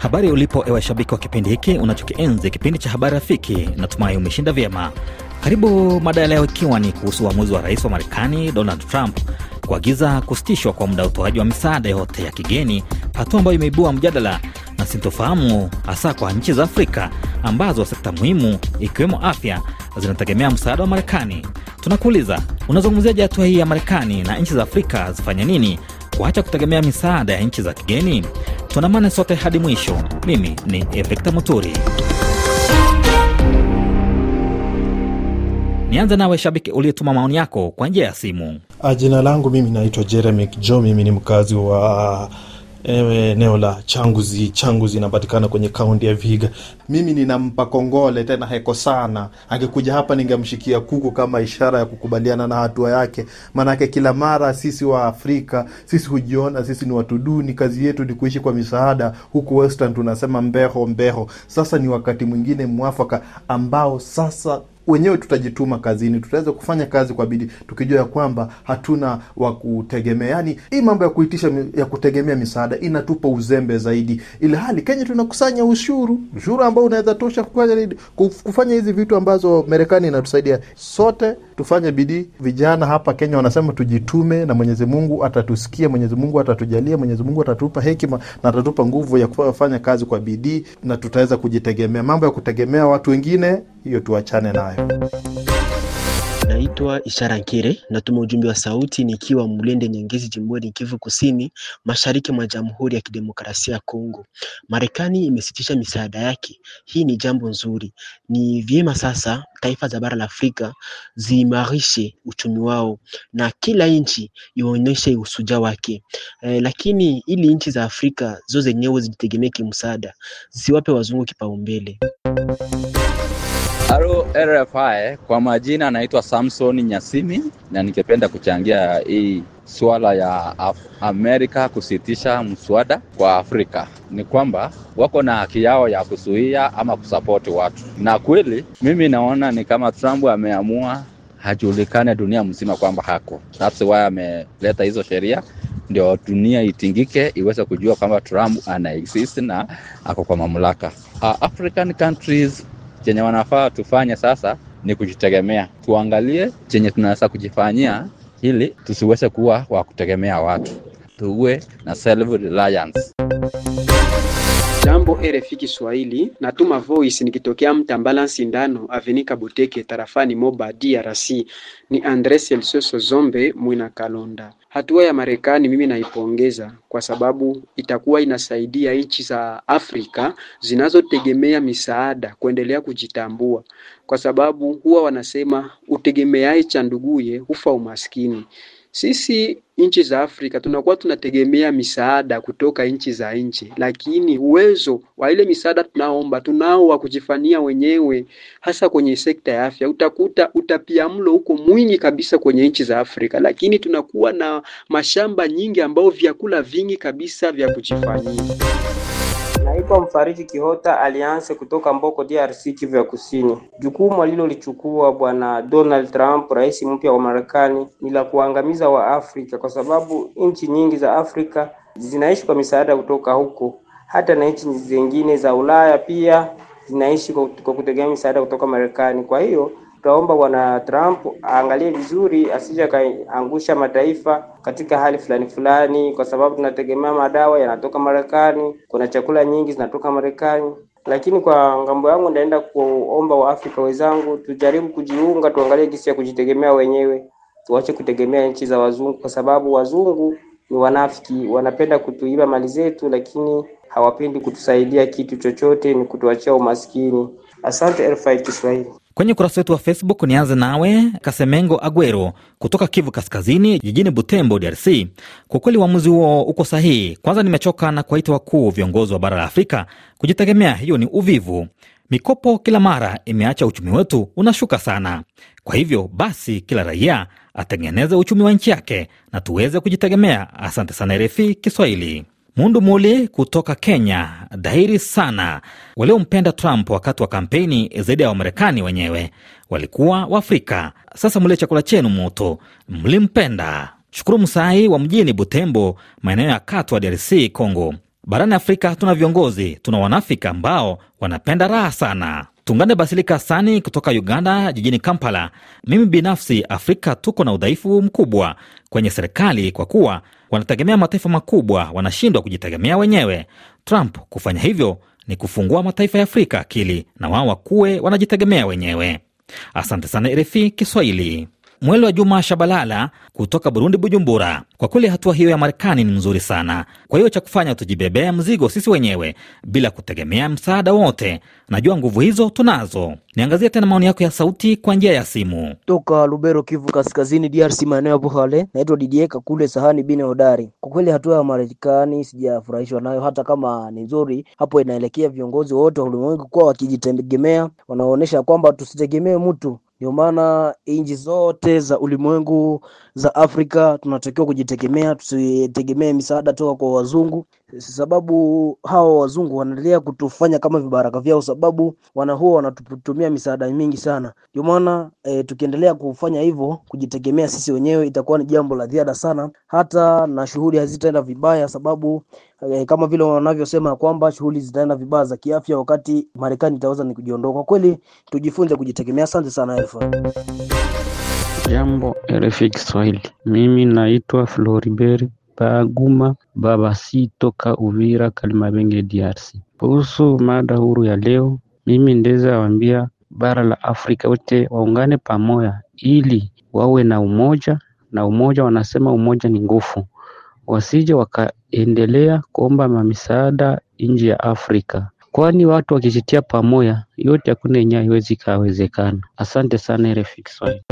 Habari ulipo ewe shabiki wa kipindi hiki unachokienzi, kipindi cha habari rafiki. Natumai umeshinda vyema. Karibu mada ya leo, ikiwa ni kuhusu uamuzi wa rais wa Marekani Donald Trump kuagiza kusitishwa kwa muda utoaji wa misaada yote ya kigeni, hatua ambayo imeibua mjadala na sintofahamu, hasa kwa nchi za Afrika ambazo sekta muhimu ikiwemo afya zinategemea msaada wa Marekani. Tunakuuliza, unazungumziaje hatua hii ya Marekani na nchi za Afrika zifanye nini kuacha kutegemea misaada ya nchi za kigeni? tunamane sote hadi mwisho. Mimi ni Victor Muturi. Nianze nawe shabiki uliyetuma maoni yako kwa njia ya simu. Ah, jina langu mimi naitwa Jeremy kjo mimi ni mkazi wa eneo la Changuzi. Changuzi inapatikana kwenye kaunti ya viga Mimi ninampa kongole tena heko sana. Angekuja hapa ningemshikia kuku kama ishara ya kukubaliana na hatua yake, maanake kila mara sisi wa Afrika sisi hujiona sisi ni watu duni, kazi yetu ni kuishi kwa misaada, huku Western tunasema mbeho mbeho. Sasa ni wakati mwingine mwafaka ambao sasa wenyewe tutajituma kazini, tutaweza kufanya kazi kwa bidii tukijua ya kwamba hatuna wa kutegemea. Yani hii mambo ya kuitisha ya kutegemea misaada inatupa uzembe zaidi, ili hali Kenya tunakusanya ushuru, ushuru ambao unaweza tosha kufanya hizi vitu ambazo Marekani inatusaidia. Sote tufanye bidii. Vijana hapa Kenya wanasema tujitume, na Mwenyezi Mungu atatusikia, Mwenyezi Mungu atatujalia, Mwenyezi Mungu atatupa hekima na atatupa nguvu ya kufanya kazi kwa bidii, na tutaweza kujitegemea. Mambo ya kutegemea watu wengine hiyo tuachane nayo. Naitwa Ishara Nkere, natuma ujumbe wa sauti nikiwa mlende Nyangezi, jimboni Kivu Kusini, mashariki mwa Jamhuri ya Kidemokrasia ya Kongo. Marekani imesitisha misaada yake, hii ni jambo nzuri. Ni vyema sasa taifa za bara la Afrika ziimarishe uchumi wao na kila nchi ionyeshe usuja wake. E, lakini ili nchi za Afrika zo zenyewe zitegemee kimsaada, zisiwape wazungu kipaumbele. Halo RFI, kwa majina naitwa Samson Nyasimi na ningependa kuchangia hii suala ya Af Amerika kusitisha mswada kwa Afrika. Ni kwamba wako na haki yao ya kuzuia ama kusapoti watu, na kweli mimi naona ni kama Trump ameamua hajulikane dunia mzima kwamba hako. That's why ameleta hizo sheria ndio dunia itingike iweze kujua kwamba Trump ana exist na ako kwa mamlaka. Uh, African countries chenye wanafaa tufanye sasa ni kujitegemea, tuangalie chenye tunaweza kujifanyia ili tusiweze kuwa wa kutegemea watu, tuwe na self reliance. Jambo RFI Kiswahili, natuma voice nikitokea Mtambala Sindano Avenika Buteke tarafani Moba DRC. Ni Andre Celsoso Zombe Mwina Kalonda. Hatua ya Marekani mimi naipongeza kwa sababu itakuwa inasaidia nchi za Afrika zinazotegemea misaada kuendelea kujitambua, kwa sababu huwa wanasema utegemeaye cha nduguye hufa umaskini. Sisi nchi za Afrika tunakuwa tunategemea misaada kutoka nchi za nje, lakini uwezo wa ile misaada tunaoomba tunao wa kujifanyia wenyewe, hasa kwenye sekta ya afya. Utakuta utapiamlo huko mwingi kabisa kwenye nchi za Afrika, lakini tunakuwa na mashamba nyingi ambao vyakula vingi kabisa vya kujifanyia. Naitwa Mfariji Kihota Alliance kutoka Mboko DRC Kivu ya Kusini. Jukumu alilolichukua bwana Donald Trump, rais mpya wa Marekani, ni la kuangamiza wa Afrika kwa sababu nchi nyingi za Afrika zinaishi kwa misaada kutoka huko. Hata na nchi zingine za Ulaya pia zinaishi kwa kutegemea misaada kutoka Marekani. Kwa hiyo tutaomba bwana Trump aangalie vizuri, asije akaangusha mataifa katika hali fulani fulani, kwa sababu tunategemea madawa yanatoka Marekani, kuna chakula nyingi zinatoka Marekani. Lakini kwa ngambo yangu naenda kuomba Waafrika wenzangu tujaribu kujiunga, tuangalie jinsi ya kujitegemea wenyewe, tuache kutegemea nchi za wazungu, kwa sababu wazungu ni wanafiki, wanapenda kutuiba mali zetu, lakini hawapendi kutusaidia kitu chochote, ni kutuachia umaskini. Asante RFI Kiswahili. Kwenye ukurasa wetu wa Facebook, nianze nawe Kasemengo Agwero kutoka Kivu Kaskazini, jijini Butembo, DRC. Kwa kweli uamuzi huo uko sahihi. Kwanza nimechoka na kuwaita wakuu viongozi wa bara la Afrika kujitegemea, hiyo ni uvivu. Mikopo kila mara imeacha uchumi wetu unashuka sana. Kwa hivyo basi, kila raia atengeneze uchumi wa nchi yake na tuweze kujitegemea. Asante sana RFI Kiswahili. Mundu Muli kutoka Kenya, dhahiri sana waliompenda Trump wakati wa kampeni zaidi ya Wamarekani wenyewe walikuwa Waafrika. Sasa mlie chakula chenu moto, mlimpenda. Shukuru Msai wa mjini Butembo, maeneo ya Katwa, DRC Congo. Barani Afrika hatuna viongozi, tuna wanafiki ambao wanapenda raha sana. Tungane Basilika Sani kutoka Uganda, jijini Kampala. Mimi binafsi, Afrika tuko na udhaifu mkubwa kwenye serikali kwa kuwa wanategemea mataifa makubwa wanashindwa kujitegemea wenyewe. Trump kufanya hivyo ni kufungua mataifa ya Afrika akili na wao wakuwe wanajitegemea wenyewe. Asante sana rf Kiswahili. Mwelo wa Juma Shabalala kutoka Burundi, Bujumbura. Kwa kweli hatua hiyo ya Marekani ni nzuri sana. Kwa hiyo cha kufanya tujibebea mzigo sisi wenyewe bila kutegemea msaada wote. Najua nguvu hizo tunazo. Niangazie tena maoni yako ya sauti kwa njia ya simu toka Lubero, Kivu Kaskazini, DRC, maeneo ya Buhale. Naitwa Didieka kule sahani bine hodari. Kwa kweli hatua ya Marekani sijafurahishwa nayo, hata kama ni nzuri. Hapo inaelekea viongozi wote wa ulimwengu kuwa wakijitegemea, wanaonyesha kwamba tusitegemee mtu ndio maana nchi zote za ulimwengu za Afrika tunatakiwa kujitegemea, tusitegemee misaada toka kwa wazungu sababu hawa wazungu wanaendelea kutufanya kama vibaraka vyao, sababu wanahuwa wanatutumia misaada mingi sana. Ndio maana e, tukiendelea kufanya hivyo, kujitegemea sisi wenyewe itakuwa ni jambo la ziada sana, hata na shughuli hazitaenda vibaya, sababu e, kama vile wanavyosema kwamba shughuli zitaenda vibaya za kiafya, wakati Marekani itaweza ni kujiondoa. Kwa kweli tujifunze kujitegemea. Asante sana Elfa. Jambo RFI Kiswahili, mimi naitwa Floribert Baguma Babasi toka Uvira Kalimabenge DRC. Kuhusu mada huru ya leo, mimi ndeza wambia bara la Afrika wote waungane pamoja ili wawe na umoja, na umoja wanasema umoja ni nguvu, wasije wakaendelea kuomba mamisaada nje ya Afrika, kwani watu wakijitia pamoja yote hakuna yenye haiwezi kawezekana. Asante sana RFI Kiswahili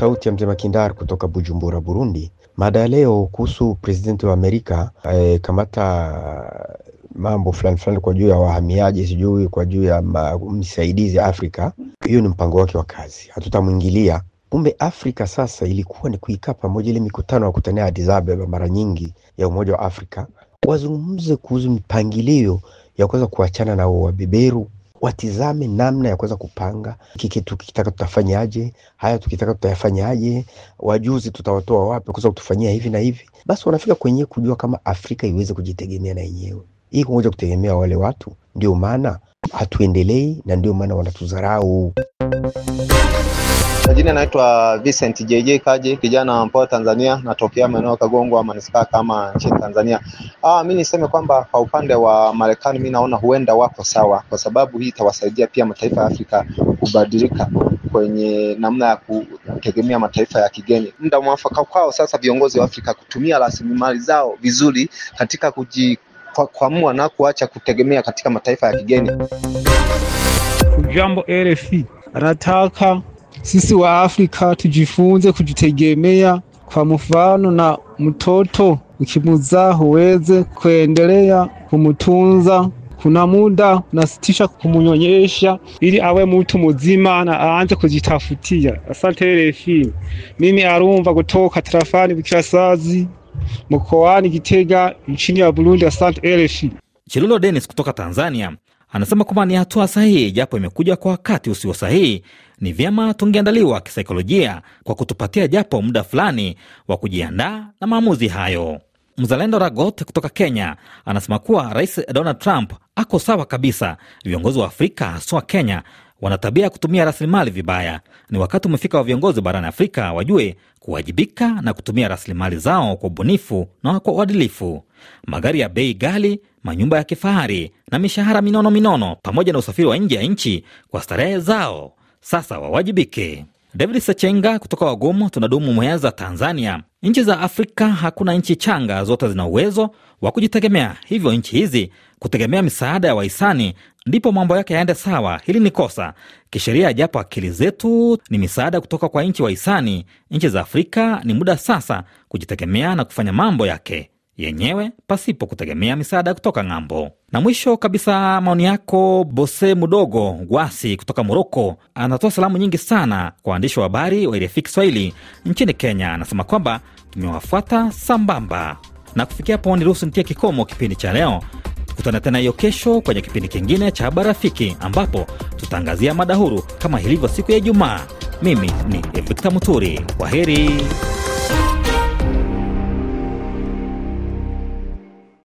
sauti ya mzee Makindar kutoka Bujumbura, Burundi. Mada ya leo kuhusu presidenti wa Amerika eh, kamata mambo fulani fulani kwa juu ya wahamiaji, sijui kwa juu ya msaidizi Afrika. Hiyo ni mpango wake wa kazi, hatutamwingilia. Kumbe Afrika sasa ilikuwa ni kuikaa pamoja, ile mikutano ya kutania Addis Ababa mara nyingi ya Umoja wa Afrika, wazungumze kuhusu mipangilio ya kuweza kuachana na wabeberu watizame namna ya kuweza kupanga hiki kitu, kitaka tutafanyaje, haya tukitaka tutayafanyaje, wajuzi tutawatoa wapi kuweza kutufanyia hivi na hivi. Basi wanafika kwenye kujua kama Afrika iweze kujitegemea na yenyewe. Hii kungoja kutegemea wale watu, ndio maana hatuendelei na ndio maana wanatudharau. Majina anaitwa Vincent JJ Kaje, kijana mpoa Tanzania, natokea maeneo ya Kagongwa manispaa kama nchini Tanzania. Ah, mimi niseme kwamba kwa upande wa Marekani mimi naona huenda wako sawa, kwa sababu hii itawasaidia pia mataifa ya Afrika kubadilika kwenye namna ya kutegemea mataifa ya kigeni. Muda mwafaka kwao sasa viongozi wa Afrika kutumia rasilimali zao vizuri katika kujikwamua na kuacha kutegemea katika mataifa ya kigeni. Jambo RFI, nataka sisi wa Afrika tujifunze kujitegemea, kwa mfano na mtoto ukimzaa huweze kuendelea kumtunza. Kuna muda nasitisha kumunyonyesha ili awe mtu mzima na aanze kujitafutia. Asante RFI. Mimi Arumva kutoka tarafani bukirasazi mkoani Gitega nchini ya Burundi. Asante RFI. Chilulo Dennis kutoka Tanzania Anasema kwamba ni hatua sahihi, japo imekuja kwa wakati usio sahihi. Ni vyema tungeandaliwa kisaikolojia kwa kutupatia japo muda fulani wa kujiandaa na maamuzi hayo. Mzalendo Ragot kutoka Kenya anasema kuwa Rais Donald Trump ako sawa kabisa. Viongozi wa Afrika haswa Kenya wana tabia ya kutumia rasilimali vibaya. Ni wakati umefika wa viongozi barani Afrika wajue kuwajibika na kutumia rasilimali zao kwa ubunifu na kwa uadilifu. Magari ya bei ghali, manyumba ya kifahari na mishahara minono minono, pamoja na usafiri wa nje ya nchi kwa starehe zao, sasa wawajibike. David Sachenga kutoka Wagumu tunadumu Mweza, Tanzania. Nchi za Afrika hakuna nchi changa, zote zina uwezo wa kujitegemea, hivyo nchi hizi kutegemea misaada ya wahisani ndipo mambo yake yaende sawa. Hili ni kosa kisheria, japo akili zetu ni misaada kutoka kwa nchi wahisani. Nchi za Afrika ni muda sasa kujitegemea na kufanya mambo yake yenyewe pasipo kutegemea misaada kutoka ng'ambo. Na mwisho kabisa, maoni yako Bose Mudogo Gwasi kutoka Moroko, anatoa salamu nyingi sana kwa waandishi wa habari wa irefi Kiswahili nchini Kenya. Anasema kwamba tumewafuata sambamba, na kufikia hapo ni ruhusu ntia kikomo kipindi cha leo tukutane tena hiyo kesho kwenye kipindi kingine cha Habari Rafiki, ambapo tutaangazia mada huru kama ilivyo siku ya Ijumaa. Mimi ni victa Muturi, kwa heri.